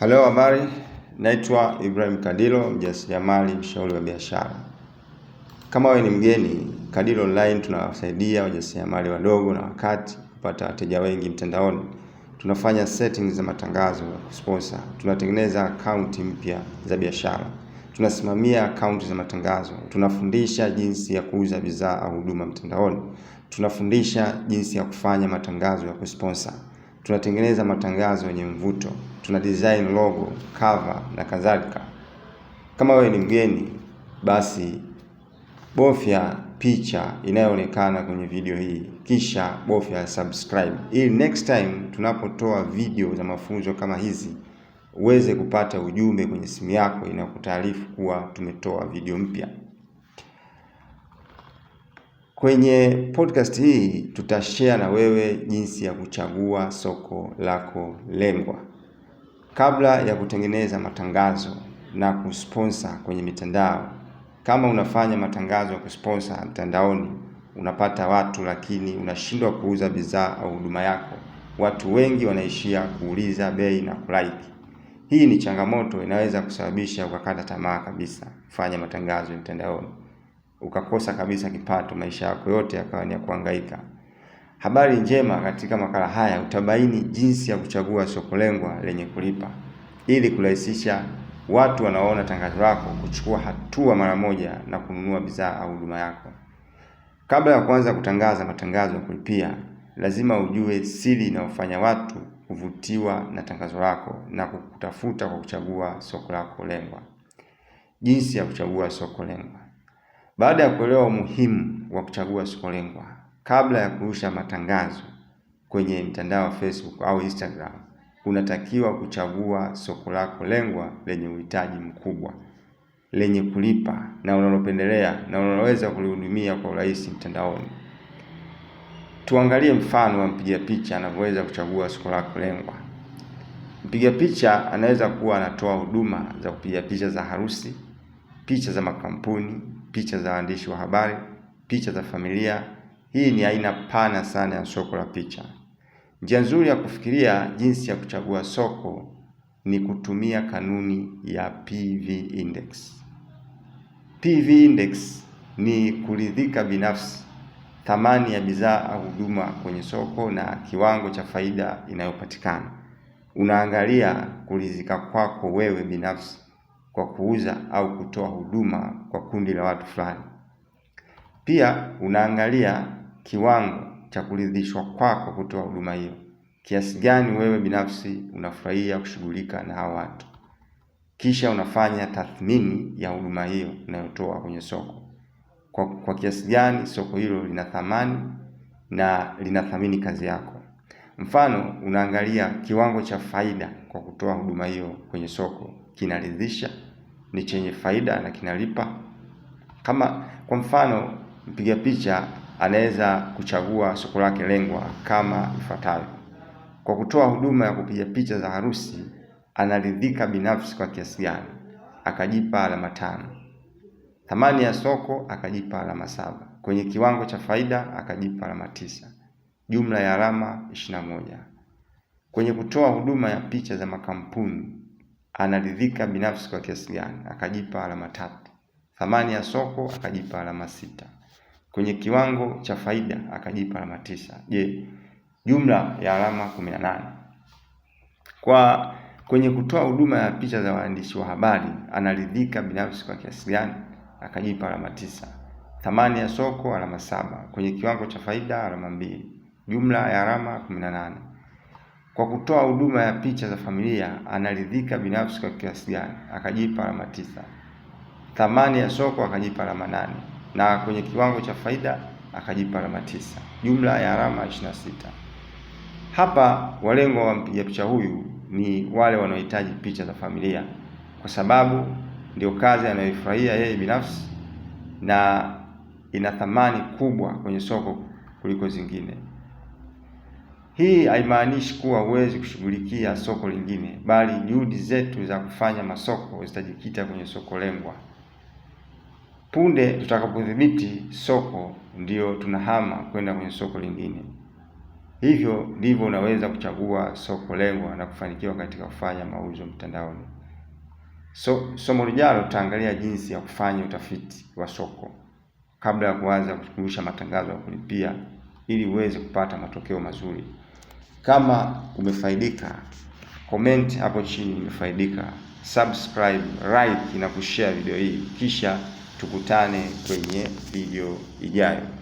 Halo, habari. Naitwa Ibrahim Kadilo, mjasiriamali, mshauri wa biashara. Kama wewe ni mgeni, Kadilo Online tunawasaidia wajasiriamali wadogo na wakati kupata wateja wengi mtandaoni. Tunafanya settings za matangazo ya sponsor, tunatengeneza akaunti mpya za biashara, tunasimamia akaunti za matangazo, tunafundisha jinsi ya kuuza bidhaa au huduma mtandaoni, tunafundisha jinsi ya kufanya matangazo ya kusponsor tunatengeneza matangazo yenye mvuto, tuna design logo, cover na kadhalika. Kama wewe ni mgeni, basi bofya picha inayoonekana kwenye video hii, kisha bofya subscribe, ili next time tunapotoa video za mafunzo kama hizi uweze kupata ujumbe kwenye simu yako inayokutaarifu kuwa tumetoa video mpya. Kwenye podcast hii tutashare na wewe jinsi ya kuchagua soko lako lengwa kabla ya kutengeneza matangazo na kusponsor kwenye mitandao. Kama unafanya matangazo ya kusponsor mtandaoni, unapata watu lakini unashindwa kuuza bidhaa au huduma yako. Watu wengi wanaishia kuuliza bei na kulike. Hii ni changamoto inaweza kusababisha ukakata tamaa kabisa kufanya matangazo ya mtandaoni ukakosa kabisa kipato, maisha yako yote yakawa ni ya kuhangaika. Habari njema katika makala haya utabaini jinsi ya kuchagua soko lengwa lenye kulipa ili kurahisisha watu wanaoona tangazo lako kuchukua hatua mara moja na kununua bidhaa au huduma yako. Kabla ya kuanza kutangaza matangazo ya kulipia, lazima ujue siri inayofanya watu kuvutiwa na tangazo lako na kukutafuta kwa kuchagua soko lako lengwa. Jinsi ya kuchagua soko lengwa. Baada ya kuelewa umuhimu wa kuchagua soko lengwa, kabla ya kurusha matangazo kwenye mtandao wa Facebook au Instagram, unatakiwa kuchagua soko lako lengwa lenye uhitaji mkubwa, lenye kulipa na unalopendelea na unaloweza kulihudumia kwa urahisi mtandaoni. Tuangalie mfano wa mpiga picha anavyoweza kuchagua soko lako lengwa. Mpiga picha anaweza kuwa anatoa huduma za kupiga picha za harusi, picha za makampuni, picha za waandishi wa habari, picha za familia. Hii ni aina pana sana ya soko la picha. Njia nzuri ya kufikiria jinsi ya kuchagua soko ni kutumia kanuni ya PV index. PV index ni kuridhika binafsi, thamani ya bidhaa au huduma kwenye soko na kiwango cha faida inayopatikana. Unaangalia kuridhika kwako wewe binafsi kwa kuuza au kutoa huduma kwa kundi la watu fulani. Pia unaangalia kiwango cha kuridhishwa kwako kutoa huduma hiyo, kiasi gani wewe binafsi unafurahia kushughulika na hao watu. Kisha unafanya tathmini ya huduma hiyo unayotoa kwenye soko, kwa, kwa kiasi gani soko hilo lina thamani na linathamini kazi yako. Mfano, unaangalia kiwango cha faida kwa kutoa huduma hiyo kwenye soko kinaridhisha ni chenye faida na kinalipa? Kama kwa mfano, mpiga picha anaweza kuchagua soko lake lengwa kama ifuatavyo: kwa kutoa huduma ya kupiga picha za harusi anaridhika binafsi kwa kiasi gani? Akajipa alama tano. Thamani ya soko akajipa alama saba. Kwenye kiwango cha faida akajipa alama tisa, jumla ya alama ishirini na moja. Kwenye kutoa huduma ya picha za makampuni anaridhika binafsi kwa kiasi gani, akajipa alama tatu. Thamani ya soko akajipa alama sita. Kwenye kiwango cha faida akajipa alama tisa. Je, jumla ya alama kumi na nane kwa kwenye kutoa huduma ya picha za waandishi wa habari analidhika binafsi kwa kiasi gani, akajipa alama tisa. Thamani ya soko alama saba. Kwenye kiwango cha faida alama mbili. Jumla ya alama kumi na nane kwa kutoa huduma ya picha za familia anaridhika binafsi kwa kiasi gani? Akajipa alama tisa. Thamani ya soko akajipa alama nane, na kwenye kiwango cha faida akajipa alama tisa, jumla ya alama ishirini na sita. Hapa walengwa wa mpiga picha huyu ni wale wanaohitaji picha za familia, kwa sababu ndio kazi anayoifurahia yeye binafsi na ina thamani kubwa kwenye soko kuliko zingine. Hii haimaanishi kuwa huwezi kushughulikia soko lingine, bali juhudi zetu za kufanya masoko zitajikita kwenye soko lengwa. Punde tutakapodhibiti soko, ndiyo tunahama kwenda kwenye soko lingine. Hivyo ndivyo unaweza kuchagua soko lengwa na kufanikiwa katika kufanya mauzo mtandaoni. So, somo lijalo tutaangalia jinsi ya kufanya utafiti wa soko kabla ya kuanza kurusha matangazo ya kulipia ili uweze kupata matokeo mazuri. Kama umefaidika, comment hapo chini umefaidika, subscribe, like na kushare video hii, kisha tukutane kwenye video ijayo.